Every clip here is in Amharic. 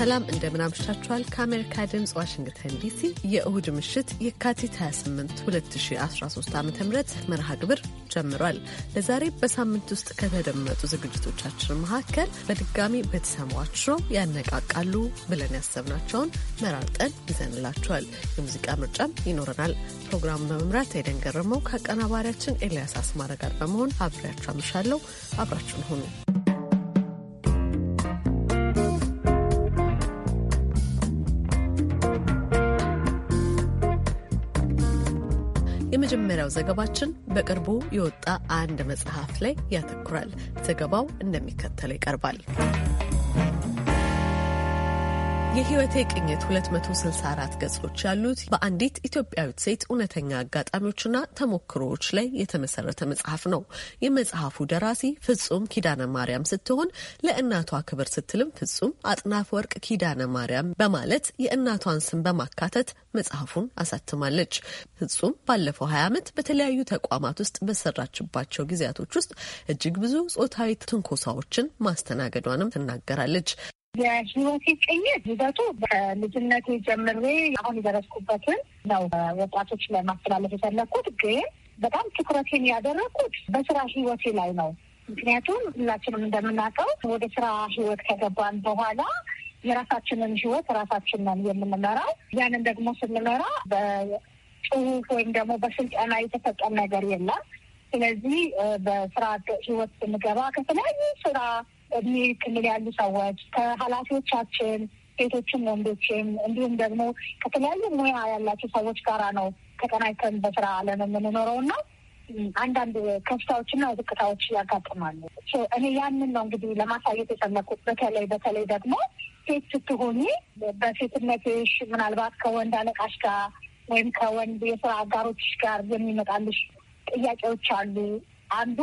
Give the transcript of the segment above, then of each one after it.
ሰላም እንደምን አምሽታችኋል። ከአሜሪካ ድምፅ ዋሽንግተን ዲሲ የእሁድ ምሽት የካቲት 28 2013 ዓ ም መርሃ ግብር ጀምሯል። ለዛሬ በሳምንት ውስጥ ከተደመጡ ዝግጅቶቻችን መካከል በድጋሚ በተሰሟቸው ያነቃቃሉ ብለን ያሰብናቸውን መራርጠን ይዘንላችኋል። የሙዚቃ ምርጫም ይኖረናል። ፕሮግራሙን በመምራት አይደን ገረመው ከአቀናባሪያችን ኤልያስ አስማረ ጋር በመሆን አብሬያችሁ አምሻለሁ። አብራችሁን ሁኑ። የመጀመሪያው ዘገባችን በቅርቡ የወጣ አንድ መጽሐፍ ላይ ያተኩራል። ዘገባው እንደሚከተለው ይቀርባል። የህይወቴ ቅኝት 264 ገጾች ያሉት በአንዲት ኢትዮጵያዊት ሴት እውነተኛ አጋጣሚዎችና ተሞክሮዎች ላይ የተመሰረተ መጽሐፍ ነው። የመጽሐፉ ደራሲ ፍጹም ኪዳነ ማርያም ስትሆን ለእናቷ ክብር ስትልም ፍጹም አጥናፍ ወርቅ ኪዳነ ማርያም በማለት የእናቷን ስም በማካተት መጽሐፉን አሳትማለች። ፍጹም ባለፈው 20 ዓመት በተለያዩ ተቋማት ውስጥ በሰራችባቸው ጊዜያቶች ውስጥ እጅግ ብዙ ጾታዊ ትንኮሳዎችን ማስተናገዷንም ትናገራለች። የህይወቴ ቅኝት ሂደቱ ከልጅነቴ ጀምሬ አሁን የደረስኩበትን ነው ወጣቶች ላይ ማስተላለፍ የፈለግኩት። ግን በጣም ትኩረቴን ያደረግኩት በስራ ህይወቴ ላይ ነው። ምክንያቱም ሁላችንም እንደምናውቀው ወደ ስራ ህይወት ከገባን በኋላ የራሳችንን ህይወት ራሳችንን የምንመራው ያንን ደግሞ ስንመራ በጽሁፍ ወይም ደግሞ በስልጠና የተሰጠን ነገር የለም። ስለዚህ በስራ ህይወት ስንገባ ከተለያዩ ስራ እድሜ ክልል ያሉ ሰዎች ከኃላፊዎቻችን ሴቶችም ወንዶችም እንዲሁም ደግሞ ከተለያዩ ሙያ ያላቸው ሰዎች ጋራ ነው ተቀናጅተን በስራ አለም የምንኖረው እና አንዳንድ ከፍታዎችና ዝቅታዎች ያጋጥማሉ። እኔ ያንን ነው እንግዲህ ለማሳየት የፈለኩት። በተለይ በተለይ ደግሞ ሴት ስትሆኚ በሴትነትሽ ምናልባት ከወንድ አለቃሽ ጋር ወይም ከወንድ የስራ አጋሮችሽ ጋር የሚመጣልሽ ጥያቄዎች አሉ አንዱ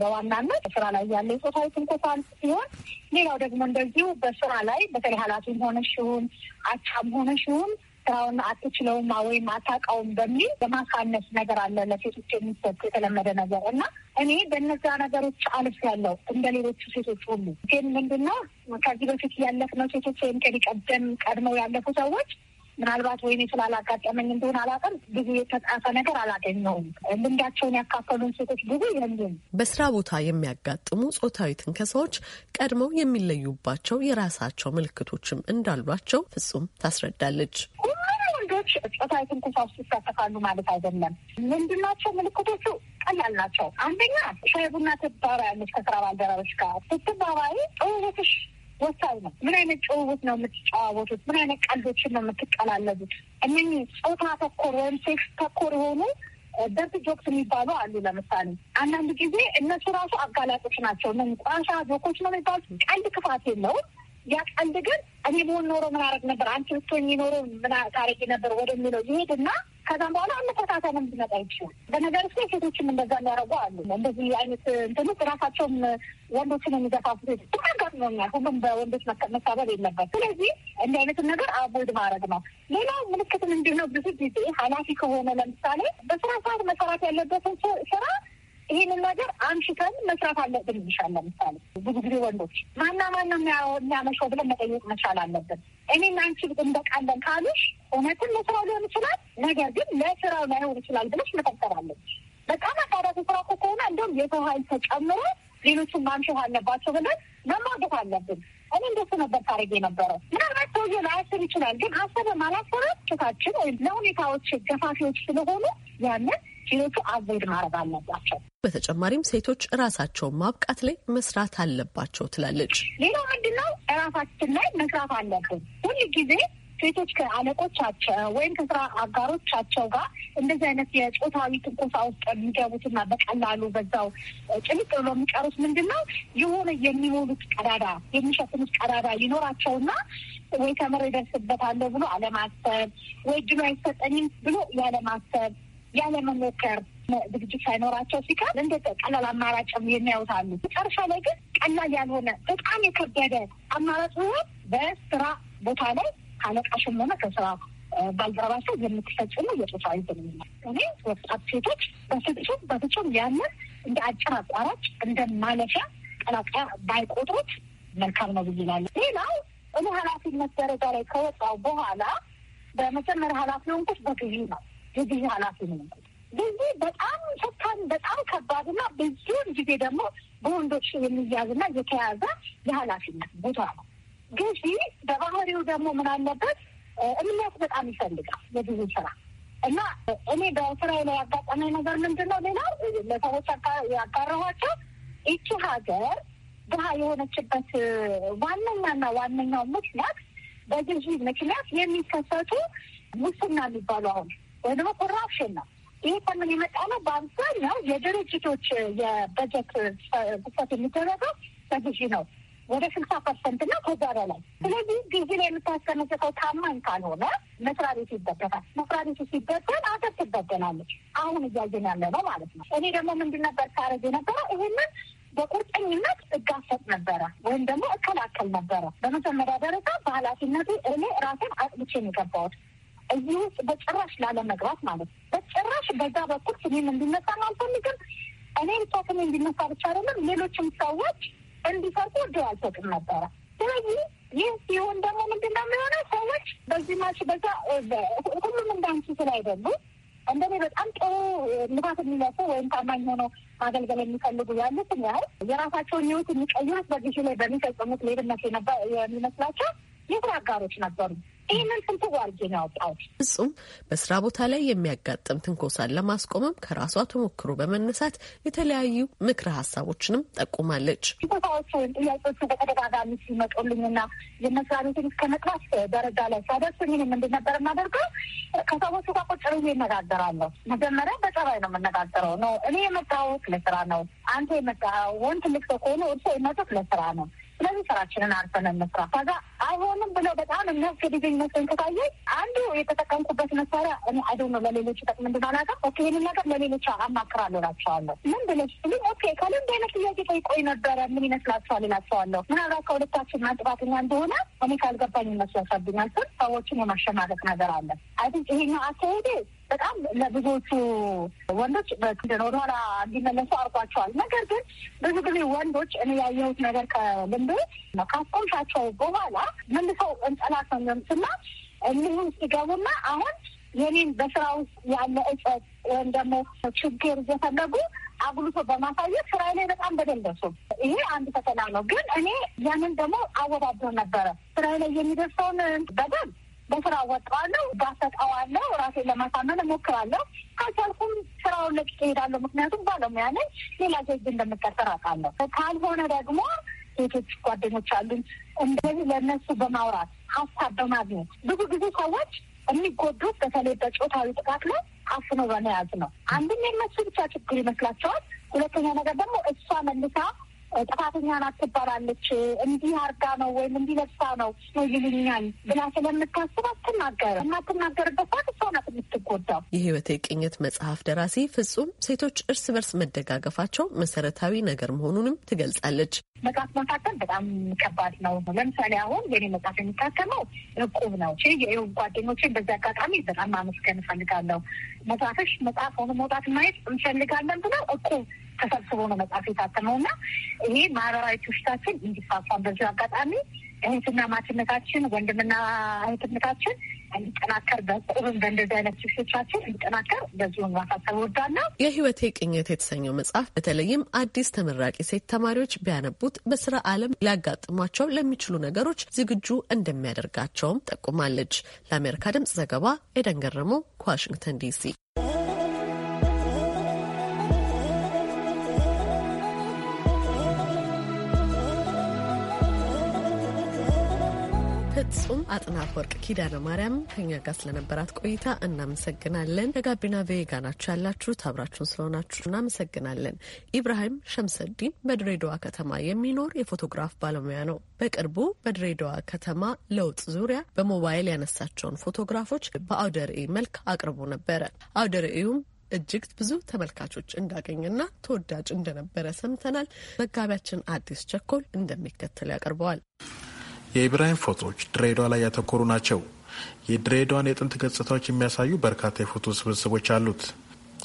በዋናነት ስራ ላይ ያለ የፆታዊ ትንኮሳ ሲሆን፣ ሌላው ደግሞ እንደዚሁ በስራ ላይ በተለይ ኃላፊም ሆነሽውን አቻም ሆነሽውን ስራውን አትችለውማ ወይም አታውቃውም በሚል በማሳነስ ነገር አለ ለሴቶች የሚሰጡ የተለመደ ነገር እና እኔ በነዛ ነገሮች አልፍ ያለው እንደ ሌሎቹ ሴቶች ሁሉ ግን ምንድነው ከዚህ በፊት ያለፍነው ሴቶች ወይም ከዚህ ቀደም ቀድመው ያለፉ ሰዎች ምናልባት ወይኔ ስላላጋጠመኝ እንደሆነ አላውቅም፣ ብዙ የተጻፈ ነገር አላገኘውም። ልምዳቸውን ያካፈሉን ሴቶች ብዙ የሉም። በስራ ቦታ የሚያጋጥሙ ጾታዊ ትንከሳዎች ቀድመው የሚለዩባቸው የራሳቸው ምልክቶችም እንዳሏቸው ፍጹም ታስረዳለች። ሁሉም ወንዶች ጾታዊ ትንከሳ ውስጥ ይሳተፋሉ ማለት አይደለም። ምንድናቸው ምልክቶቹ? ቀላል ናቸው። አንደኛ ሻይ ቡና ትባባያለች ከስራ ባልደረቦች ጋር ስትባባይ ጥሩ ቤትሽ ወሳኝ ነው። ምን አይነት ጭውውት ነው የምትጫዋወቱት? ምን አይነት ቀልዶችን ነው የምትቀላለቡት? እነህ ፆታ ተኮር ወይም ሴክስ ተኮር የሆኑ ደርት ጆክስ የሚባሉ አሉ። ለምሳሌ አንዳንድ ጊዜ እነሱ ራሱ አጋላጮች ናቸው። እነ ቋሻ ጆኮች ነው የሚባሉት። ቀልድ ክፋት የለውም። ያ ቀልድ ግን እኔ በሆን ኖሮ ምን አረግ ነበር፣ አንቺ ብትሆኝ ኖሮ ምን ታረጊ ነበር ወደሚለው ይሄድና ከዛም በኋላ አመፈታተንም ሊመጣ ይችላል። በነገር ስ ሴቶችም እንደዛ የሚያደርጉ አሉ። እንደዚህ አይነት እንትኖች ራሳቸውም ወንዶችን የሚገፋፉ ሴቶች አጋጥሞኛል። ሁሉም በወንዶች መሳበብ የለበት። ስለዚህ እንዲህ አይነትን ነገር አቦይድ ማድረግ ነው። ሌላው ምልክት ምንድን ብዙ ጊዜ ኃላፊ ከሆነ ለምሳሌ በስራ ሰዓት መሰራት ያለበትን ስራ ይህንን ነገር አንሽተን መስራት አለብን ይሻል። ለምሳሌ ብዙ ጊዜ ወንዶች ማና ማና የሚያመሸው ብለን መጠየቅ መቻል አለብን። እኔና አንቺ እንበቃለን ካሉሽ እውነትን ለስራው ሊሆን ይችላል፣ ነገር ግን ለስራው ላይሆን ይችላል ብለሽ መጠጠር አለብሽ። በጣም አሳዳት ስራ እኮ ከሆነ እንደውም የሰው ኃይል ተጨምሮ ሌሎቹን ማምሸት አለባቸው ብለን መማገት አለብን። እኔ እንደሱ ነበር ታደርግ የነበረው። ምናልባት ሰውዬ ላያስብ ይችላል፣ ግን አሰበም አላሰበም ችታችን ወይም ለሁኔታዎች ገፋፊዎች ስለሆኑ ያንን ሌሎቹ አቮይድ ማድረግ አለባቸው። በተጨማሪም ሴቶች ራሳቸውን ማብቃት ላይ መስራት አለባቸው ትላለች። ሌላው ምንድነው ራሳችን ላይ መስራት አለብን ሁል ጊዜ ሴቶች ከአለቆቻቸው ወይም ከስራ አጋሮቻቸው ጋር እንደዚህ አይነት የጾታዊ ትንኮሳ ውስጥ የሚገቡትና በቀላሉ በዛው ጭልጥ ብሎ የሚቀሩት ምንድን ነው የሆነ የሚሞሉት ቀዳዳ የሚሸፍኑት ቀዳዳ ይኖራቸውና ወይ ተምሬ ደርስበታለሁ ብሎ አለማሰብ ወይ ድሎ አይሰጠኝም ብሎ ያለማሰብ ያለመሞከር ዝግጅት ሳይኖራቸው ሲቀር እንደ ቀላል አማራጭም የሚያውታሉ። መጨረሻ ላይ ግን ቀላል ያልሆነ በጣም የከበደ አማራጭ ሆን በስራ ቦታ ላይ ካለቃሽም ሆነ ከስራ ባልደረባቸው የምትፈጽሙ የጾታ ይዘንኛል። እኔ ወጣት ሴቶች በፍጹም በፍጹም ያንን እንደ አጭር አቋራጭ እንደ ማለፊያ ቀላቅያ ባይቆጥሩት መልካም ነው ብዬ እላለሁ። ሌላው እኔ ኃላፊነት ደረጃ ላይ ከወጣው በኋላ በመጀመሪያ ኃላፊ ሆንኩት በጊዜ ነው የጊዜ ኃላፊ ነው። ጊዜ በጣም ፈታን በጣም ከባድና ብዙውን ጊዜ ደግሞ በወንዶች የሚያዝና የተያዘ የኃላፊነት ቦታ ነው። ጊዜ በባህሪው ደግሞ ምን አለበት እምነት በጣም ይፈልጋል የጊዜ ስራ እና እኔ በስራ ላይ ያጋጠመኝ ነገር ምንድን ነው? ሌላው ለሰዎች ያጋረኋቸው ይቺ ሀገር ድሀ የሆነችበት ዋነኛና ዋነኛው ምክንያት በግዢ ምክንያት የሚከሰቱ ሙስና የሚባሉ አሁን ወይ ደግሞ ኮራፕሽን ነው። ይህ ከምን የመጣ ነው? በአብዛኛው የድርጅቶች የበጀት ጽፈት የሚደረገው በግዢ ነው ወደ ስልሳ ፐርሰንት እና ከዛ በላይ። ስለዚህ ግዢ ላይ የምታስቀመጥከው ታማኝ ካልሆነ መስሪያ ቤቱ ይበደላል። መስሪያ ቤቱ ሲበደል አገር ትበደላለች። አሁን እያየን ያለ ነው ማለት ነው። እኔ ደግሞ ምንድን ነበር ሳረግ የነበረው ይህንን በቁርጠኝነት እጋፈጥ ነበረ ወይም ደግሞ እከላከል ነበረ። በመጀመሪያ ደረጃ በኃላፊነቱ እኔ ራሴን አጥብቼ የገባሁት እዚህ ውስጥ በጭራሽ ላለመግባት ማለት ነው። በጭራሽ በዛ በኩል ስሜም እንዲነሳ አልፈልግም። እኔ ብቻ ስሜ እንዲነሳ ብቻ አይደለም፣ ሌሎችም ሰዎች እንዲሰርቁ እድል አልሰጥም ነበረ። ስለዚህ ይህ ሲሆን ደግሞ ምንድነው የሚሆነው? ሰዎች በዚህ ማሽ በዛ ሁሉም እንዳንቺ ስላይደሉ እንደኔ በጣም ጥሩ ልፋት የሚለፉ ወይም ታማኝ ሆኖ ማገልገል የሚፈልጉ ያሉት ያህል የራሳቸውን ህይወት የሚቀይሩት በጊዜ ላይ በሚፈጽሙት ሌብነት የሚመስላቸው የስራ አጋሮች ነበሩ። ይህንን ትንኩ አድርጌ ነው ያወጣው። ፍጹም በስራ ቦታ ላይ የሚያጋጥም ትንኮሳን ለማስቆምም ከራሷ ተሞክሮ በመነሳት የተለያዩ ምክረ ሀሳቦችንም ጠቁማለች። ወይም ጥያቄዎቹ በተደጋጋሚ ሲመጡልኝና የመስሪያ ቤትን እስከ መጥራት ደረጃ ላይ ሲያደርሱ ይህን እንድነበር የማደርገው ከሰዎቹ ጋር ቁጭ ብዬ እነጋገራለሁ። መጀመሪያ በጸባይ ነው የምነጋገረው ነው እኔ የመጣሁት ለስራ ነው። አንተ የመጣኸውን ትልቅ ሰው ከሆኑ እርሶ የመጡት ለስራ ነው ስለዚህ ስራችንን አርፈን እንስራ። ከዛ አይሆንም ብሎ በጣም የሚያስገድደኝ መስሎኝ ከታየ አንዱ የተጠቀምኩበት መሳሪያ እኔ አይዶነ ለሌሎች ይጠቅም እንድናናቀም ኦኬ፣ ይህንን ነገር ለሌሎች አማክራለሁ እላቸዋለሁ። ምን ብለሽ ስሉኝ ኦኬ፣ ከልምድ አይነት ጥያቄ ጠይቆኝ ነበረ ምን ይመስላቸዋል እላቸዋለሁ። ምናልባት ከሁለታችን ማጥፋተኛ እንደሆነ እኔ ካልገባኝ እነሱ ያሳብኛል ስል ሰዎችን የማሸማገጥ ነገር አለ። አይ ቲንክ ይሄኛው አካሄዴ በጣም ለብዙዎቹ ወንዶች ወደኋላ እንዲመለሱ አርጓቸዋል። ነገር ግን ብዙ ጊዜ ወንዶች እኔ ያየሁት ነገር ከልምድ ካስቆምሻቸው በኋላ መልሰው እንጠላት ነው የሚሆኑትና እኒህም ሲገቡና አሁን የኔን በስራ ውስጥ ያለ እጨት ወይም ደግሞ ችግር እየፈለጉ አጉልቶ በማሳየት ስራ ላይ በጣም በደለሱ። ይሄ አንድ ፈተና ነው። ግን እኔ ያንን ደግሞ አወዳደር ነበረ ስራ ላይ የሚደርሰውን በደል በስራ እወጣዋለሁ፣ ጋፈጣዋለሁ፣ ራሴን ለማሳመን እሞክራለሁ። ካልቻልኩም ስራውን ለቅቄ እሄዳለሁ። ምክንያቱም ባለሙያ ነኝ፣ ሌላ ጀጅ እንደምቀጠር አውቃለሁ። ካልሆነ ደግሞ ሴቶች ጓደኞች አሉኝ። እንደዚህ ለእነሱ በማውራት ሀሳብ በማግኘት ብዙ ጊዜ ሰዎች የሚጎዱት በተለይ በጾታዊ ጥቃት ላይ አፍኖ በመያዝ ነው። አንድም የእነሱ ብቻ ችግር ይመስላቸዋል። ሁለተኛ ነገር ደግሞ እሷ መልሳ ጥፋተኛ ናት ትባላለች፣ እንዲህ አርጋ ነው ወይም እንዲህ ለብሳ ነው ይልኛል ብላ ስለምታስብ አትናገር። የማትናገርበት ሰዓት እሷ ናት የምትጎዳው። የህይወቴ ቅኝት መጽሐፍ ደራሲ ፍጹም ሴቶች እርስ በርስ መደጋገፋቸው መሰረታዊ ነገር መሆኑንም ትገልጻለች። መጽሐፍ መካከል በጣም ከባድ ነው። ለምሳሌ አሁን የኔ መጽሐፍ የሚታተመው እቁብ ነው። የው ጓደኞቼ በዚህ አጋጣሚ በጣም ማመስገን እፈልጋለሁ። መጽሐፍሽ መጽሐፍ ሆኖ መውጣት ማየት እንፈልጋለን ብለው እቁብ ተሰብስቦ ነው መጽሐፍ የታተመው እና ይሄ ማህበራዊ ትውሽታችን እንዲፋፋን በዚሁ አጋጣሚ እህትና ማችነታችን ወንድምና እህትነታችን እንዲጠናከር በቁብም በእንደዚህ አይነት ሽፍቶቻችን እንዲጠናከር በዚሁ ማሳሰብ ወዳለው የህይወቴ ቅኝት የተሰኘው መጽሐፍ በተለይም አዲስ ተመራቂ ሴት ተማሪዎች ቢያነቡት በስራ ዓለም ሊያጋጥሟቸው ለሚችሉ ነገሮች ዝግጁ እንደሚያደርጋቸውም ጠቁማለች። ለአሜሪካ ድምጽ ዘገባ ኤደን ገረመው ከዋሽንግተን ዲሲ ፍጹም አጥናፍ ወርቅ ኪዳነ ማርያም ከኛ ጋር ስለነበራት ቆይታ እናመሰግናለን። ከጋቢና ቬጋ ናችሁ ያላችሁት አብራችሁን ስለሆናችሁ እናመሰግናለን። ኢብራሂም ሸምሰዲን በድሬዳዋ ከተማ የሚኖር የፎቶግራፍ ባለሙያ ነው። በቅርቡ በድሬዳዋ ከተማ ለውጥ ዙሪያ በሞባይል ያነሳቸውን ፎቶግራፎች በአውደ ርዕይ መልክ አቅርቦ ነበረ። አውደ ርዕዩም እጅግ ብዙ ተመልካቾች እንዳገኘና ተወዳጅ እንደነበረ ሰምተናል። ዘጋቢያችን አዲስ ቸኮል እንደሚከተል ያቀርበዋል። የኢብራሂም ፎቶዎች ድሬዳዋ ላይ ያተኮሩ ናቸው። የድሬዳዋን የጥንት ገጽታዎች የሚያሳዩ በርካታ የፎቶ ስብስቦች አሉት።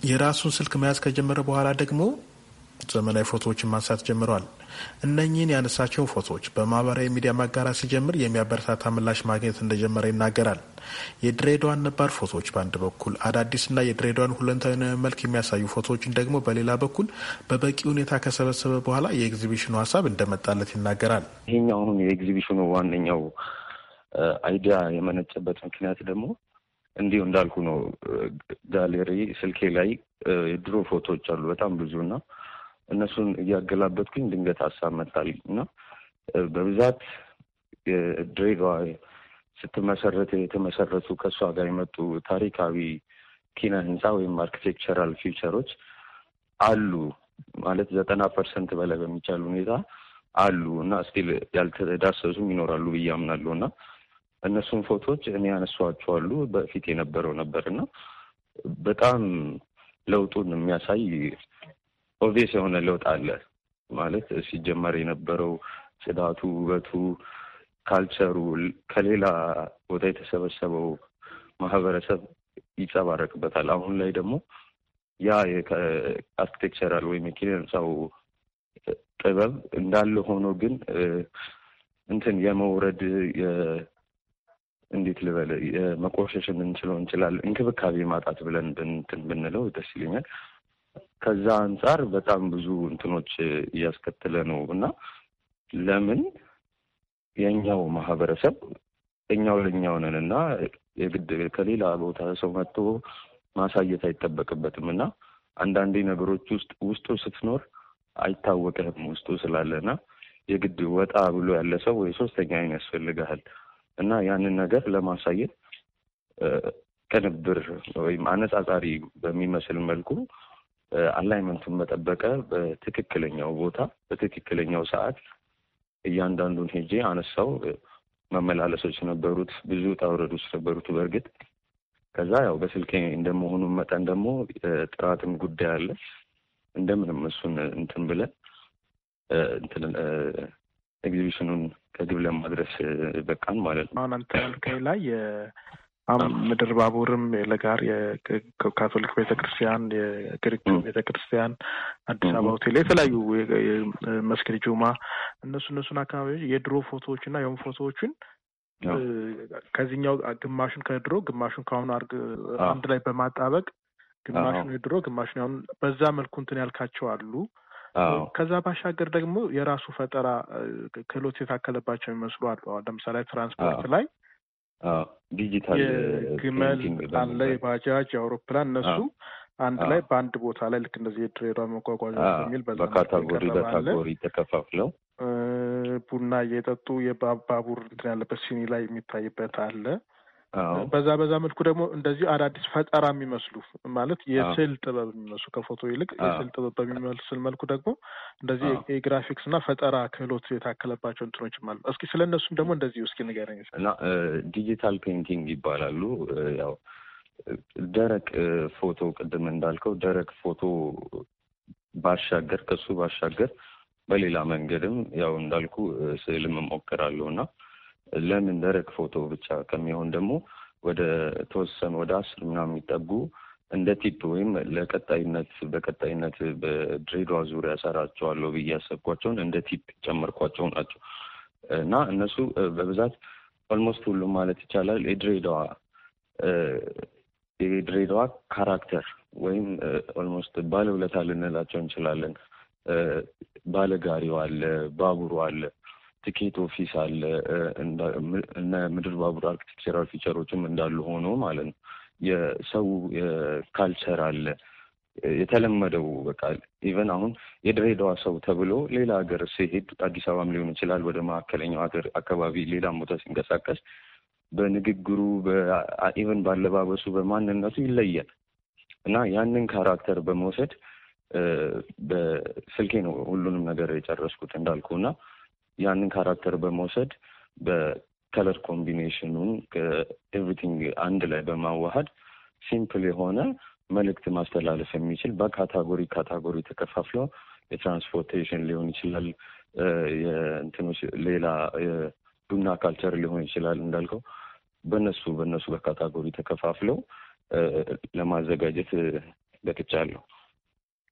የራሱን ስልክ መያዝ ከጀመረ በኋላ ደግሞ ዘመናዊ ፎቶዎችን ማንሳት ጀምረዋል። እነኚህን ያነሳቸውን ፎቶዎች በማህበራዊ ሚዲያ ማጋራት ሲጀምር የሚያበረታታ ምላሽ ማግኘት እንደጀመረ ይናገራል። የድሬዳዋን ነባር ፎቶዎች በአንድ በኩል አዳዲስና የድሬዳዋን ሁለንተናዊ መልክ የሚያሳዩ ፎቶዎችን ደግሞ በሌላ በኩል በበቂ ሁኔታ ከሰበሰበ በኋላ የኤግዚቢሽኑ ሀሳብ እንደመጣለት ይናገራል። ይሄኛው አሁን የኤግዚቢሽኑ ዋነኛው አይዲያ የመነጨበት ምክንያት ደግሞ እንዲሁ እንዳልኩ ነው። ጋሌሪ ስልኬ ላይ የድሮ ፎቶዎች አሉ በጣም ብዙ እና እነሱን እያገላበጥኩኝ ድንገት ሀሳብ መጣል እና በብዛት ድሬዳዋ ስትመሰረት የተመሰረቱ ከእሷ ጋር የመጡ ታሪካዊ ኪነ ህንፃ ወይም አርኪቴክቸራል ፊውቸሮች አሉ ማለት ዘጠና ፐርሰንት በላይ በሚቻል ሁኔታ አሉ እና ስቲል ያልተዳሰሱም ይኖራሉ ብዬ አምናለሁ እና እነሱን ፎቶዎች እኔ ያነሷቸዋሉ በፊት የነበረው ነበር እና በጣም ለውጡን የሚያሳይ ኦብቪየስ የሆነ ለውጥ አለ ማለት ሲጀመር የነበረው ጽዳቱ፣ ውበቱ፣ ካልቸሩ ከሌላ ቦታ የተሰበሰበው ማህበረሰብ ይጸባረቅበታል። አሁን ላይ ደግሞ ያ አርኪቴክቸራል ወይም የኪነ ህንፃው ጥበብ እንዳለ ሆኖ ግን እንትን የመውረድ እንዴት ልበል የመቆሸሽ ልንችለው እንችላለን። እንክብካቤ ማጣት ብለን እንትን ብንለው ደስ ይለኛል። ከዛ አንጻር በጣም ብዙ እንትኖች እያስከተለ ነው እና ለምን የእኛው ማህበረሰብ እኛው ለእኛው ነን እና የግድ ከሌላ ቦታ ሰው መጥቶ ማሳየት አይጠበቅበትም እና አንዳንዴ ነገሮች ውስጥ ውስጡ ስትኖር አይታወቅህም ውስጡ ስላለና የግድ ወጣ ብሎ ያለ ሰው ወይ ሶስተኛ አይን ያስፈልግሃል እና ያንን ነገር ለማሳየት ቅንብር ወይም አነጻጻሪ በሚመስል መልኩ አላይመንቱን መጠበቀ በትክክለኛው ቦታ በትክክለኛው ሰዓት እያንዳንዱን ሄጄ አነሳው። መመላለሶች ነበሩት፣ ብዙ ታውረዶች ነበሩት። በእርግጥ ከዛ ያው በስልኬ እንደመሆኑ መጠን ደግሞ ጥራትም ጉዳይ አለ። እንደምንም እሱን እንትን ብለን ኤግዚቢሽኑን ከግብ ለማድረስ በቃን ማለት ነው። አሁን አንተ ላይ ምድር ባቡርም ለጋር የካቶሊክ ቤተክርስቲያን፣ የግሪክ ቤተክርስቲያን፣ አዲስ አበባ ሆቴል፣ የተለያዩ መስጊድ ጁማ፣ እነሱ እነሱን አካባቢዎች የድሮ ፎቶዎች እና የሆኑ ፎቶዎችን ከዚህኛው ግማሹን ከድሮ ግማሹን ከአሁኑ አንድ ላይ በማጣበቅ ግማሹን የድሮ ግማሹን ያሁኑ በዛ መልኩ እንትን ያልካቸው አሉ። ከዛ ባሻገር ደግሞ የራሱ ፈጠራ ክህሎት የታከለባቸው የሚመስሉ አሉ። ለምሳሌ ትራንስፖርት ላይ ዲጂታል የግመል አለ፣ የባጃጅ አውሮፕላን እነሱ አንድ ላይ በአንድ ቦታ ላይ ልክ እንደዚህ የድሬዳዋ መጓጓዣ የሚል በካታጎሪ በካታጎሪ ተከፋፍለው ቡና እየጠጡ የባቡር እንትን ያለበት ሲኒ ላይ የሚታይበት አለ። በዛ በዛ መልኩ ደግሞ እንደዚህ አዳዲስ ፈጠራ የሚመስሉ ማለት የስዕል ጥበብ የሚመስሉ ከፎቶ ይልቅ የስዕል ጥበብ በሚመስል መልኩ ደግሞ እንደዚህ የግራፊክስ እና ፈጠራ ክህሎት የታከለባቸው እንትኖችም አሉ። እስኪ ስለ እነሱም ደግሞ እንደዚህ እስኪ ንገረኝ። እና ዲጂታል ፔይንቲንግ ይባላሉ። ያው ደረቅ ፎቶ ቅድም እንዳልከው ደረቅ ፎቶ ባሻገር ከሱ ባሻገር በሌላ መንገድም ያው እንዳልኩ ስዕልም እሞክራለሁ እና ለምን ደረቅ ፎቶ ብቻ ከሚሆን ደግሞ ወደ ተወሰኑ ወደ አስር ምናምን የሚጠጉ እንደ ቲፕ ወይም ለቀጣይነት በቀጣይነት በድሬዳዋ ዙሪያ ሰራቸዋለሁ ብዬ ያሰብኳቸውን እንደ ቲፕ ጨመርኳቸው ናቸው እና እነሱ በብዛት ኦልሞስት ሁሉም ማለት ይቻላል የድሬዳዋ የድሬዳዋ ካራክተር ወይም ኦልሞስት ባለ ውለታ ልንላቸው እንችላለን። ባለጋሪው አለ፣ ባቡሩ አለ፣ ትኬት ኦፊስ አለ እነ ምድር ባቡር አርክቴክቸራል ፊቸሮችም እንዳሉ ሆኖ ማለት ነው። የሰው ካልቸር አለ የተለመደው በቃ ኢቨን አሁን የድሬዳዋ ሰው ተብሎ ሌላ ሀገር ሲሄድ አዲስ አበባም ሊሆን ይችላል ወደ መካከለኛው ሀገር አካባቢ ሌላም ቦታ ሲንቀሳቀስ በንግግሩ ኢቨን ባለባበሱ በማንነቱ ይለያል እና ያንን ካራክተር በመውሰድ በስልኬ ነው ሁሉንም ነገር የጨረስኩት እንዳልኩ እና ያንን ካራክተር በመውሰድ በከለር ኮምቢኔሽኑን ኤቭሪቲንግ አንድ ላይ በማዋሃድ ሲምፕል የሆነ መልእክት ማስተላለፍ የሚችል በካታጎሪ ካታጎሪ ተከፋፍለ የትራንስፖርቴሽን ሊሆን ይችላል፣ የእንትኖች ሌላ ዱና ካልቸር ሊሆን ይችላል። እንዳልከው በነሱ በነሱ በካታጎሪ ተከፋፍለው ለማዘጋጀት በቅቻለሁ።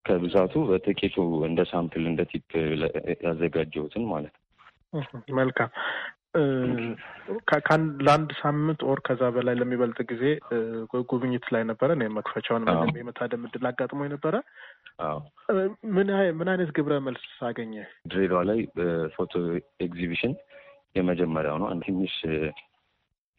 ከብዛቱ በጥቂቱ እንደ ሳምፕል እንደ ቲፕ ያዘጋጀሁትን ማለት ነው። መልካም ለአንድ ሳምንት ኦር ከዛ በላይ ለሚበልጥ ጊዜ ጉብኝት ላይ ነበረ። እኔ መክፈቻውን የመታደም እድል አጋጥሞ ነበረ። ምን አይነት ግብረ መልስ አገኘ? ድሬዳዋ ላይ ፎቶ ኤግዚቢሽን የመጀመሪያው ነው። ትንሽ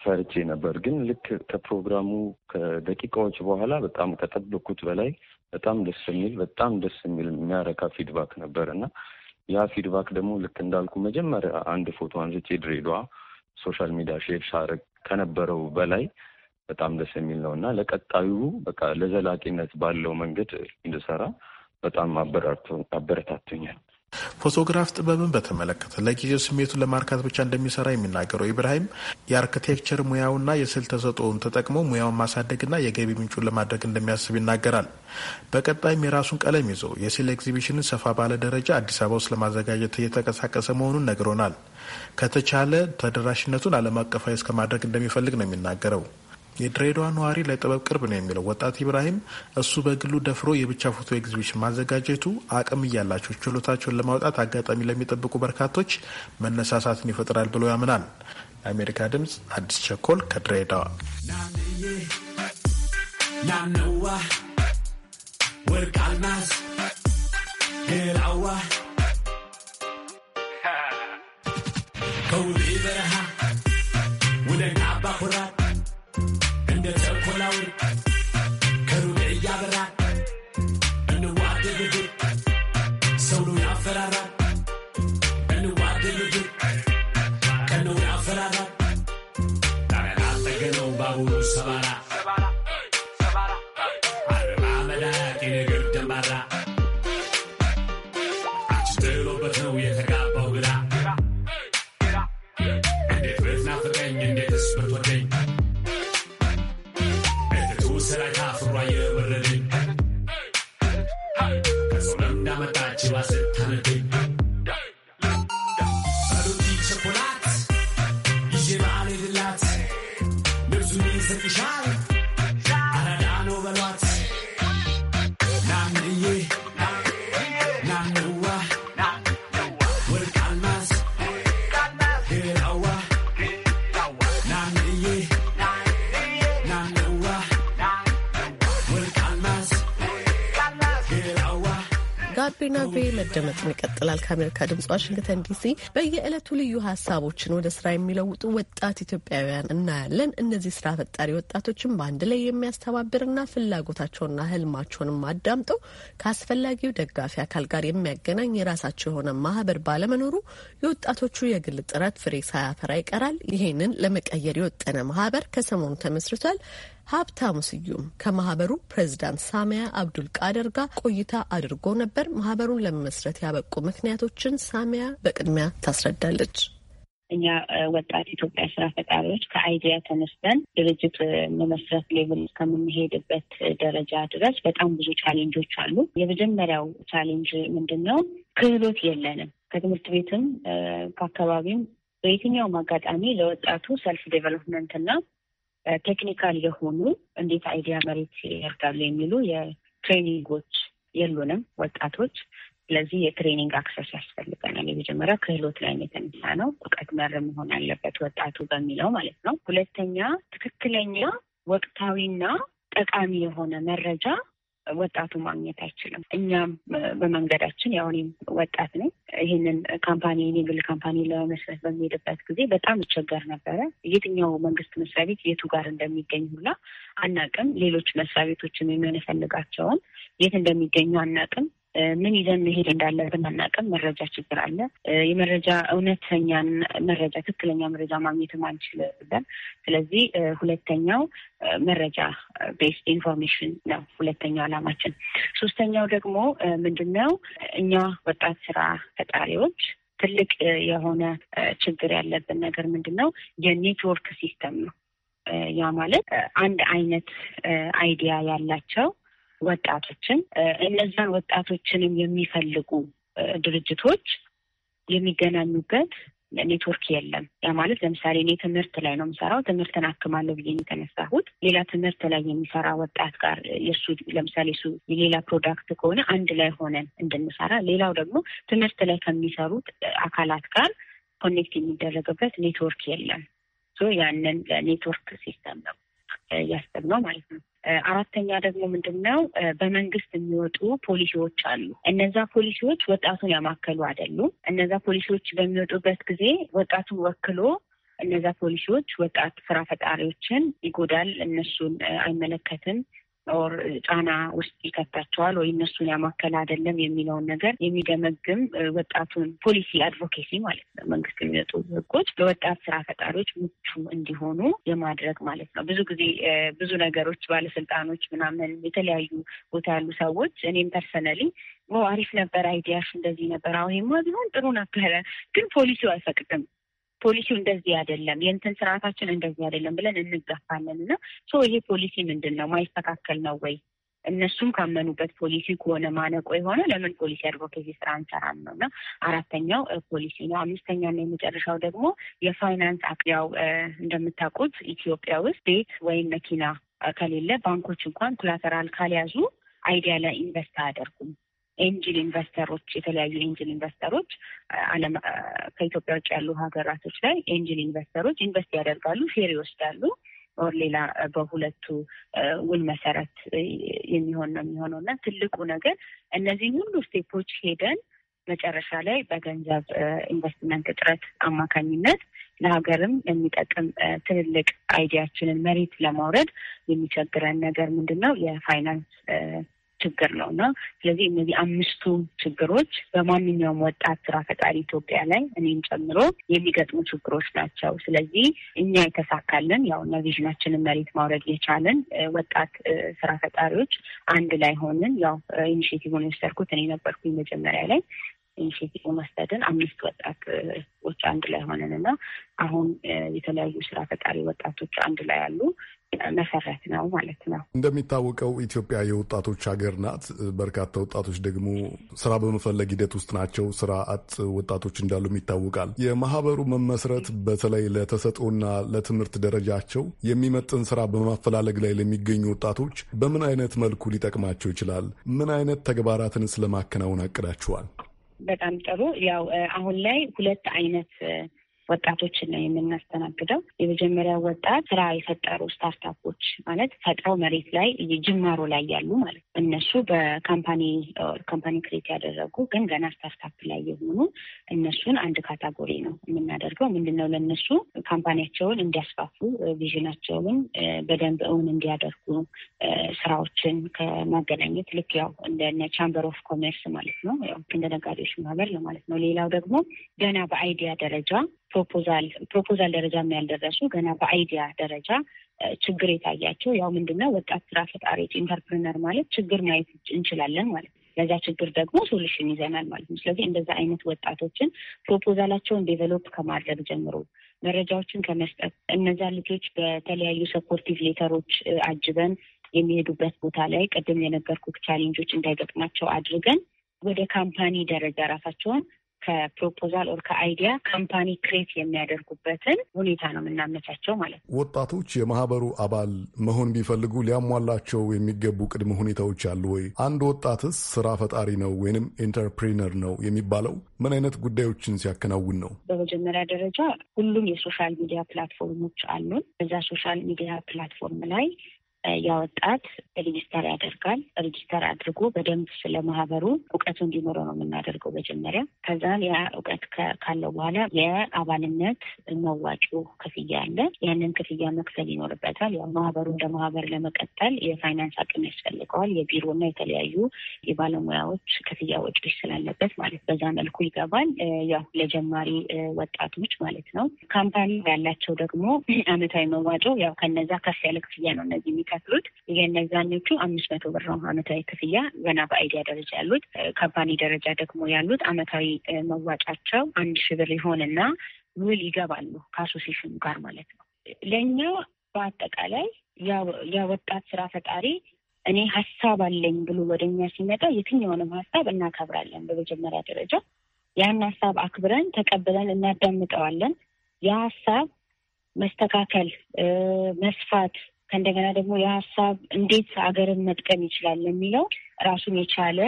ፈርቼ ነበር፣ ግን ልክ ከፕሮግራሙ ከደቂቃዎች በኋላ በጣም ከጠበቅኩት በላይ በጣም ደስ የሚል በጣም ደስ የሚል የሚያረካ ፊድባክ ነበር እና ያ ፊድባክ ደግሞ ልክ እንዳልኩ መጀመሪያ አንድ ፎቶ አንስቼ ድሬዷ ሶሻል ሚዲያ ሼር ሳረግ ከነበረው በላይ በጣም ደስ የሚል ነው እና ለቀጣዩ በቃ ለዘላቂነት ባለው መንገድ እንድሰራ በጣም አበረታቶኛል። ፎቶግራፍ ጥበብን በተመለከተ ለጊዜው ስሜቱን ለማርካት ብቻ እንደሚሰራ የሚናገረው ኢብራሂም የአርክቴክቸር ሙያውና የስዕል ተሰጥኦውን ተጠቅሞ ሙያውን ማሳደግና የገቢ ምንጩን ለማድረግ እንደሚያስብ ይናገራል። በቀጣይም የራሱን ቀለም ይዞ የስዕል ኤግዚቢሽንን ሰፋ ባለ ደረጃ አዲስ አበባ ውስጥ ለማዘጋጀት እየተንቀሳቀሰ መሆኑን ነግሮናል። ከተቻለ ተደራሽነቱን ዓለም አቀፋዊ እስከማድረግ እንደሚፈልግ ነው የሚናገረው። የድሬዳዋ ነዋሪ ለጥበብ ቅርብ ነው የሚለው ወጣት ኢብራሂም እሱ በግሉ ደፍሮ የብቻ ፎቶ ኤግዚቢሽን ማዘጋጀቱ አቅም እያላቸው ችሎታቸውን ለማውጣት አጋጣሚ ለሚጠብቁ በርካቶች መነሳሳትን ይፈጥራል ብሎ ያምናል። ለአሜሪካ ድምፅ አዲስ ቸኮል ከድሬዳዋ። ናነዋ ወርቃልናስ ገላዋ ቪኦኤ መደመጡን ይቀጥላል። ከአሜሪካ ድምጽ ዋሽንግተን ዲሲ በየዕለቱ ልዩ ሀሳቦችን ወደ ስራ የሚለውጡ ወጣት ኢትዮጵያውያን እናያለን። እነዚህ ስራ ፈጣሪ ወጣቶችን በአንድ ላይ የሚያስተባብርና ፍላጎታቸውንና ህልማቸውንም አዳምጠው ከአስፈላጊው ደጋፊ አካል ጋር የሚያገናኝ የራሳቸው የሆነ ማህበር ባለመኖሩ የወጣቶቹ የግል ጥረት ፍሬ ሳያፈራ ይቀራል። ይሄንን ለመቀየር የወጠነ ማህበር ከሰሞኑ ተመስርቷል። ሀብታሙ ስዩም ከማህበሩ ፕሬዚዳንት ሳሚያ አብዱል ቃደር ጋር ቆይታ አድርጎ ነበር። ማህበሩን ለመመስረት ያበቁ ምክንያቶችን ሳሚያ በቅድሚያ ታስረዳለች። እኛ ወጣት ኢትዮጵያ ስራ ፈጣሪዎች ከአይዲያ ተነስተን ድርጅት መመስረት ሌቭል እስከምንሄድበት ደረጃ ድረስ በጣም ብዙ ቻሌንጆች አሉ። የመጀመሪያው ቻሌንጅ ምንድን ነው? ክህሎት የለንም። ከትምህርት ቤትም ከአካባቢም በየትኛውም አጋጣሚ ለወጣቱ ሰልፍ ዴቨሎፕመንት እና ቴክኒካል የሆኑ እንዴት አይዲያ መሬት ይርጋሉ የሚሉ የትሬኒንጎች የሉንም ወጣቶች። ስለዚህ የትሬኒንግ አክሰስ ያስፈልገናል። የመጀመሪያ ክህሎት ላይ የተነሳ ነው። እውቀት መር መሆን አለበት ወጣቱ በሚለው ማለት ነው። ሁለተኛ ትክክለኛ ወቅታዊና ጠቃሚ የሆነ መረጃ ወጣቱ ማግኘት አይችልም። እኛም በመንገዳችን ያው እኔም ወጣት ነኝ። ይህንን ካምፓኒ እኔ ግል ካምፓኒ ለመስረት በሚሄድበት ጊዜ በጣም ይቸገር ነበረ። የትኛው መንግስት መስሪያ ቤት የቱ ጋር እንደሚገኝ ሁላ አናቅም። ሌሎች መስሪያ ቤቶችም የሚያንፈልጋቸውን የት እንደሚገኙ አናቅም። ምን ይዘን መሄድ እንዳለብን አናውቅም። መረጃ ችግር አለ። የመረጃ እውነተኛን መረጃ ትክክለኛ መረጃ ማግኘትም አንችልም። ስለዚህ ሁለተኛው መረጃ ቤስድ ኢንፎርሜሽን ነው ሁለተኛው ዓላማችን። ሶስተኛው ደግሞ ምንድን ነው እኛ ወጣት ስራ ፈጣሪዎች ትልቅ የሆነ ችግር ያለብን ነገር ምንድን ነው የኔትወርክ ሲስተም ነው። ያ ማለት አንድ አይነት አይዲያ ያላቸው ወጣቶችን እነዛን ወጣቶችንም የሚፈልጉ ድርጅቶች የሚገናኙበት ኔትወርክ የለም። ያ ማለት ለምሳሌ እኔ ትምህርት ላይ ነው የምሰራው፣ ትምህርትን አክማለሁ ብዬ የተነሳሁት ሌላ ትምህርት ላይ የሚሰራ ወጣት ጋር የእሱ ለምሳሌ እሱ የሌላ ፕሮዳክት ከሆነ አንድ ላይ ሆነን እንድንሰራ፣ ሌላው ደግሞ ትምህርት ላይ ከሚሰሩት አካላት ጋር ኮኔክት የሚደረግበት ኔትወርክ የለም። ያንን ኔትወርክ ሲስተም ነው እያሰብ ነው ማለት ነው። አራተኛ ደግሞ ምንድን ነው በመንግስት የሚወጡ ፖሊሲዎች አሉ። እነዛ ፖሊሲዎች ወጣቱን ያማከሉ አይደሉም። እነዛ ፖሊሲዎች በሚወጡበት ጊዜ ወጣቱን ወክሎ እነዛ ፖሊሲዎች ወጣት ስራ ፈጣሪዎችን ይጎዳል፣ እነሱን አይመለከትም ኦር ጫና ውስጥ ይከታቸዋል ወይ እነሱን ያማከል አይደለም የሚለውን ነገር የሚገመግም ወጣቱን ፖሊሲ አድቮኬሲ ማለት ነው። መንግስት የሚመጡ ህጎች ለወጣት ስራ ፈጣሪዎች ምቹ እንዲሆኑ የማድረግ ማለት ነው። ብዙ ጊዜ ብዙ ነገሮች ባለስልጣኖች፣ ምናምን የተለያዩ ቦታ ያሉ ሰዎች እኔም ፐርሰናሊ አሪፍ ነበር አይዲያሽ እንደዚህ ነበር አሁ ቢሆን ጥሩ ነበረ፣ ግን ፖሊሲው አይፈቅድም ፖሊሲው እንደዚህ አይደለም፣ የእንትን ስርዓታችን እንደዚህ አይደለም ብለን እንገፋለን እና ሶ ይሄ ፖሊሲ ምንድን ነው ማይስተካከል ነው ወይ እነሱም ካመኑበት ፖሊሲ ከሆነ ማነቆ የሆነ ለምን ፖሊሲ አድቮኬሲ ስራ እንሰራን ነው እና አራተኛው ፖሊሲ ነው። አምስተኛና የመጨረሻው ደግሞ የፋይናንስ አቅያው እንደምታውቁት ኢትዮጵያ ውስጥ ቤት ወይም መኪና ከሌለ ባንኮች እንኳን ኮላተራል ካልያዙ አይዲያ ላይ ኢንቨስት አያደርጉም። ኤንጅል ኢንቨስተሮች የተለያዩ ኤንጅል ኢንቨስተሮች ዓለም ከኢትዮጵያ ውጭ ያሉ ሀገራቶች ላይ ኤንጅል ኢንቨስተሮች ኢንቨስት ያደርጋሉ፣ ሼር ይወስዳሉ። ኦር ሌላ በሁለቱ ውል መሰረት የሚሆን ነው የሚሆነው እና ትልቁ ነገር እነዚህ ሁሉ ስቴፖች ሄደን መጨረሻ ላይ በገንዘብ ኢንቨስትመንት እጥረት አማካኝነት ለሀገርም የሚጠቅም ትልልቅ አይዲያችንን መሬት ለማውረድ የሚቸግረን ነገር ምንድን ነው? የፋይናንስ ችግር ነው እና ስለዚህ እነዚህ አምስቱ ችግሮች በማንኛውም ወጣት ስራ ፈጣሪ ኢትዮጵያ ላይ እኔም ጨምሮ የሚገጥሙ ችግሮች ናቸው። ስለዚህ እኛ የተሳካልን ያው እና ቪዥናችንን መሬት ማውረድ የቻልን ወጣት ስራ ፈጣሪዎች አንድ ላይ ሆንን። ያው ኢኒሽቲቭን የወሰድኩት እኔ ነበርኩኝ መጀመሪያ ላይ ኢኒሽቲቭ መስተድን አምስት ወጣቶች አንድ ላይ ሆነን እና አሁን የተለያዩ ስራ ፈጣሪ ወጣቶች አንድ ላይ አሉ። መሰረት ነው ማለት ነው። እንደሚታወቀው ኢትዮጵያ የወጣቶች ሀገር ናት። በርካታ ወጣቶች ደግሞ ስራ በመፈለግ ሂደት ውስጥ ናቸው። ስራ አጥ ወጣቶች እንዳሉም ይታወቃል። የማህበሩ መመስረት በተለይ ለተሰጥኦና ለትምህርት ደረጃቸው የሚመጥን ስራ በማፈላለግ ላይ ለሚገኙ ወጣቶች በምን አይነት መልኩ ሊጠቅማቸው ይችላል? ምን አይነት ተግባራትንስ ለማከናወን አቅዳችኋል? በጣም ጥሩ። ያው አሁን ላይ ሁለት አይነት ወጣቶችን ነው የምናስተናግደው። የመጀመሪያው ወጣት ስራ የፈጠሩ ስታርታፖች ማለት ፈጥረው መሬት ላይ ጅማሮ ላይ ያሉ ማለት ነው። እነሱ በካምፓኒ ካምፓኒ ክሬት ያደረጉ ግን ገና ስታርታፕ ላይ የሆኑ እነሱን አንድ ካታጎሪ ነው የምናደርገው። ምንድነው ለእነሱ ካምፓኒያቸውን እንዲያስፋፉ ቪዥናቸውን በደንብ እውን እንዲያደርጉ ስራዎችን ከማገናኘት ልክ ያው እንደ ቻምበር ኦፍ ኮሜርስ ማለት ነው፣ እንደ ነጋዴዎች ማህበር ለማለት ነው። ሌላው ደግሞ ገና በአይዲያ ደረጃ ፕሮፖዛል ፕሮፖዛል ደረጃም ያልደረሱ ገና በአይዲያ ደረጃ ችግር የታያቸው ያው ምንድነው ወጣት ስራ ፈጣሪዎች ኢንተርፕሪነር ማለት ችግር ማየት እንችላለን ማለት ነው። ለዛ ችግር ደግሞ ሶሉሽን ይዘናል ማለት ነው። ስለዚህ እንደዛ አይነት ወጣቶችን ፕሮፖዛላቸውን ዴቨሎፕ ከማድረግ ጀምሮ መረጃዎችን ከመስጠት እነዛ ልጆች በተለያዩ ሰፖርቲቭ ሌተሮች አጅበን የሚሄዱበት ቦታ ላይ ቅድም የነገርኩት ቻሌንጆች እንዳይገጥማቸው አድርገን ወደ ካምፓኒ ደረጃ ራሳቸውን ከፕሮፖዛል ኦር ከአይዲያ ካምፓኒ ክሬት የሚያደርጉበትን ሁኔታ ነው የምናመቻቸው ማለት ነው። ወጣቶች የማህበሩ አባል መሆን ቢፈልጉ ሊያሟላቸው የሚገቡ ቅድመ ሁኔታዎች አሉ ወይ? አንድ ወጣትስ ስራ ፈጣሪ ነው ወይንም ኢንተርፕሪነር ነው የሚባለው ምን አይነት ጉዳዮችን ሲያከናውን ነው? በመጀመሪያ ደረጃ ሁሉም የሶሻል ሚዲያ ፕላትፎርሞች አሉን። በዛ ሶሻል ሚዲያ ፕላትፎርም ላይ ያወጣት ሪጅስተር ያደርጋል። ሪጅስተር አድርጎ በደንብ ስለ ማህበሩ እውቀቱ እንዲኖረው ነው የምናደርገው መጀመሪያ። ከዛ ያ እውቀት ካለው በኋላ የአባልነት መዋጮ ክፍያ አለ። ያንን ክፍያ መክፈል ይኖርበታል። ያው ማህበሩ እንደ ማህበር ለመቀጠል የፋይናንስ አቅም ያስፈልገዋል። የቢሮና የተለያዩ የባለሙያዎች ክፍያ ወጪዎች ስላለበት ማለት በዛ መልኩ ይገባል። ያው ለጀማሪ ወጣቶች ማለት ነው። ካምፓኒ ያላቸው ደግሞ አመታዊ መዋጮ ያው ከነዛ ከፍ ያለ ክፍያ ነው እነዚህ የሚከፍሉት። የነዛኞቹ አምስት መቶ ብር ነው አመታዊ ክፍያ ገና በአይዲያ ደረጃ ያሉት። በካምፓኒ ደረጃ ደግሞ ያሉት አመታዊ መዋጫቸው አንድ ሽብር ብር ይሆንና ውል ይገባሉ ከአሶሴሽኑ ጋር ማለት ነው። ለእኛ በአጠቃላይ የወጣት ስራ ፈጣሪ እኔ ሀሳብ አለኝ ብሎ ወደኛ ሲመጣ የትኛውንም ሀሳብ እናከብራለን። በመጀመሪያ ደረጃ ያን ሀሳብ አክብረን ተቀብለን እናዳምጠዋለን። የሀሳብ መስተካከል መስፋት ከእንደገና ደግሞ የሀሳብ እንዴት ሀገርን መጥቀም ይችላል የሚለው ራሱን የቻለ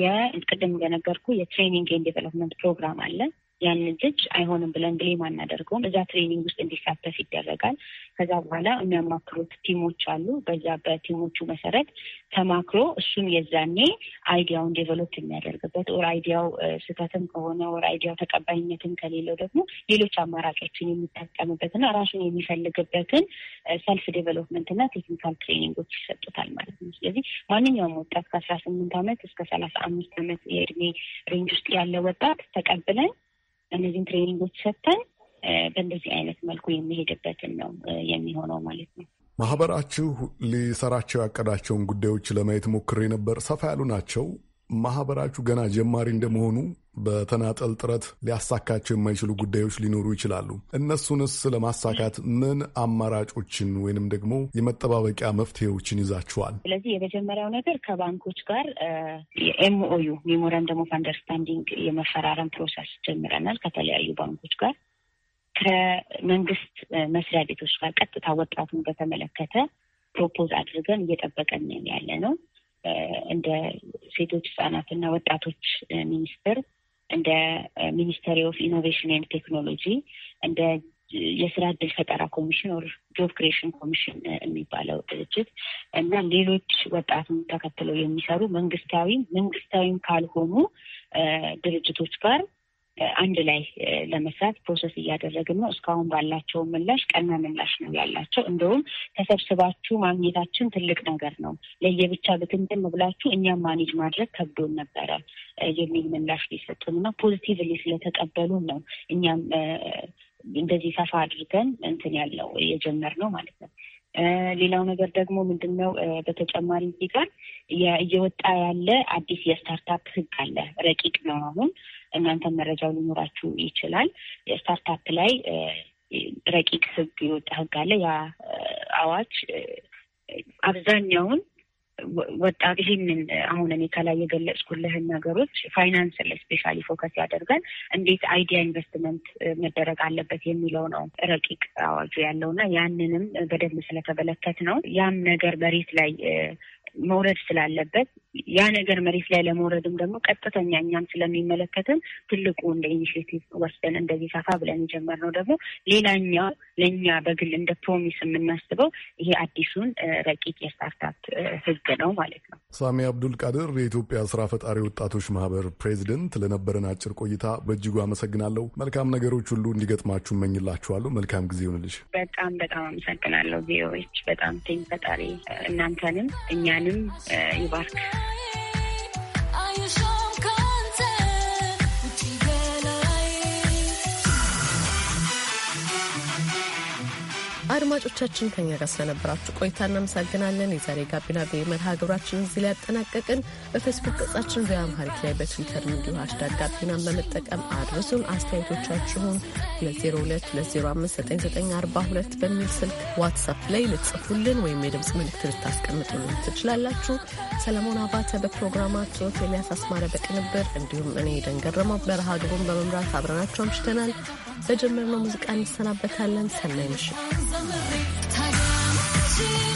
የቅድም እንደነገርኩ የትሬኒንግ ኤንድ ዴቨሎፕመንት ፕሮግራም አለ። ያን ልጅ አይሆንም ብለን ብሌም አናደርገውም። እዛ ትሬኒንግ ውስጥ እንዲሳተፍ ይደረጋል። ከዛ በኋላ የሚያማክሩት ቲሞች አሉ። በዛ በቲሞቹ መሰረት ተማክሮ እሱም የዛኔ አይዲያውን ዴቨሎፕ የሚያደርግበት ወር አይዲያው ስህተትም ከሆነ ወር አይዲያው ተቀባይነትም ከሌለው ደግሞ ሌሎች አማራጮችን የሚጠቀምበትና ራሱን የሚፈልግበትን ሰልፍ ዴቨሎፕመንትና ቴክኒካል ትሬኒንጎች ይሰጡታል ማለት ነው። ስለዚህ ማንኛውም ወጣት ከአስራ ስምንት ዓመት እስከ ሰላሳ አምስት ዓመት የእድሜ ሬንጅ ውስጥ ያለ ወጣት ተቀብለን እነዚህን ትሬኒንጎች ሰጥተን በእንደዚህ አይነት መልኩ የሚሄድበትን ነው የሚሆነው ማለት ነው። ማህበራችሁ ሊሰራቸው ያቀዳቸውን ጉዳዮች ለማየት ሞክሬ ነበር። ሰፋ ያሉ ናቸው። ማህበራችሁ ገና ጀማሪ እንደመሆኑ በተናጠል ጥረት ሊያሳካቸው የማይችሉ ጉዳዮች ሊኖሩ ይችላሉ። እነሱንስ ለማሳካት ምን አማራጮችን ወይንም ደግሞ የመጠባበቂያ መፍትሄዎችን ይዛችኋል? ስለዚህ የመጀመሪያው ነገር ከባንኮች ጋር የኤምኦዩ ሜሞራንደም ኦፍ አንደርስታንዲንግ የመፈራረም ፕሮሰስ ጀምረናል። ከተለያዩ ባንኮች ጋር፣ ከመንግስት መስሪያ ቤቶች ጋር ቀጥታ ወጣቱን በተመለከተ ፕሮፖዝ አድርገን እየጠበቀን ያለ ነው። እንደ ሴቶች ህጻናትና ወጣቶች ሚኒስቴር እንደ ሚኒስተሪ ኦፍ ኢኖቬሽን ኤንድ ቴክኖሎጂ እንደ የስራ እድል ፈጠራ ኮሚሽን ኦር ጆብ ክሬሽን ኮሚሽን የሚባለው ድርጅት እና ሌሎች ወጣቱን ተከትለው የሚሰሩ መንግስታዊም መንግስታዊም ካልሆኑ ድርጅቶች ጋር አንድ ላይ ለመስራት ፕሮሰስ እያደረግን ነው። እስካሁን ባላቸው ምላሽ ቀና ምላሽ ነው ያላቸው። እንደውም ተሰብስባችሁ ማግኘታችን ትልቅ ነገር ነው፣ ለየብቻ ብትንትን ብላችሁ እኛም ማኔጅ ማድረግ ከብዶን ነበረ የሚል ምላሽ ሊሰጡን እና ፖዚቲቭሊ ስለተቀበሉን ነው እኛም እንደዚህ ሰፋ አድርገን እንትን ያለው የጀመር ነው ማለት ነው። ሌላው ነገር ደግሞ ምንድን ነው? በተጨማሪ እዚህ ጋር እየወጣ ያለ አዲስ የስታርታፕ ህግ አለ። ረቂቅ ነው አሁን እናንተ መረጃው ሊኖራችሁ ይችላል። ስታርታፕ ላይ ረቂቅ ህግ የወጣ ህግ አለ። ያ አዋጅ አብዛኛውን ወጣ ይህንን አሁን እኔ ከላይ የገለጽኩልህን ነገሮች ፋይናንስ ላይ ስፔሻሊ ፎከስ ያደርጋል። እንዴት አይዲያ ኢንቨስትመንት መደረግ አለበት የሚለው ነው ረቂቅ አዋጁ ያለው እና ያንንም በደንብ ስለተመለከት ነው ያም ነገር መሬት ላይ መውረድ ስላለበት ያ ነገር መሬት ላይ ለመውረድም ደግሞ ቀጥተኛ እኛም ስለሚመለከትን ትልቁ እንደ ኢኒሽቲቭ ወስደን እንደዚህ ሰፋ ብለን የጀመርነው ደግሞ ሌላኛው ለእኛ በግል እንደ ፕሮሚስ የምናስበው ይሄ አዲሱን ረቂቅ የስታርታፕ ህግ ነው ማለት ነው። ሳሚ አብዱል ቃድር የኢትዮጵያ ስራ ፈጣሪ ወጣቶች ማህበር ፕሬዚደንት፣ ለነበረን አጭር ቆይታ በእጅጉ አመሰግናለሁ። መልካም ነገሮች ሁሉ እንዲገጥማችሁ እመኝላችኋለሁ። መልካም ጊዜ ይሆንልሽ። በጣም በጣም አመሰግናለሁ። ቪዎች በጣም ቴኝ ፈጣሪ እናንተንም እኛ በዓልን ይባርክ። አድማጮቻችን ከኛ ጋር ስለነበራችሁ ቆይታ እናመሰግናለን። የዛሬ ጋቢና ቤ መርሃ ግብራችን እዚህ ላይ ያጠናቀቅን። በፌስቡክ ገጻችን ቪኦኤ አምሃሪክ ላይ በትዊተር እንዲሁ ሀሽታግ ጋቢናን በመጠቀም አድርሱን። አስተያየቶቻችሁን 2022059942 በሚል ስልክ ዋትሳፕ ላይ ልትጽፉልን ወይም የድምፅ መልእክት ልታስቀምጡልን ትችላላችሁ። ሰለሞን አባተ በፕሮግራማቸው፣ ኤልያስ አስማረ በቅንብር እንዲሁም እኔ ደንገረማ መርሃ ግብሩን በመምራት አብረናቸው አምሽተናል። በጀመርነው ሙዚቃ እንሰናበታለን። ሰናይ ምሽት። Time.